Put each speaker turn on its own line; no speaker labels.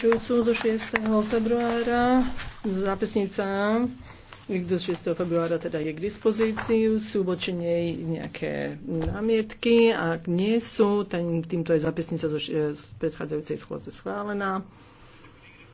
Čujúcu do 6. februára zápisnica do 6. februára teda je k dispozícii, sú voči nej nejaké námietky, ak nie sú, tým, týmto je zápisnica z predchádzajúcej schôdze schválená.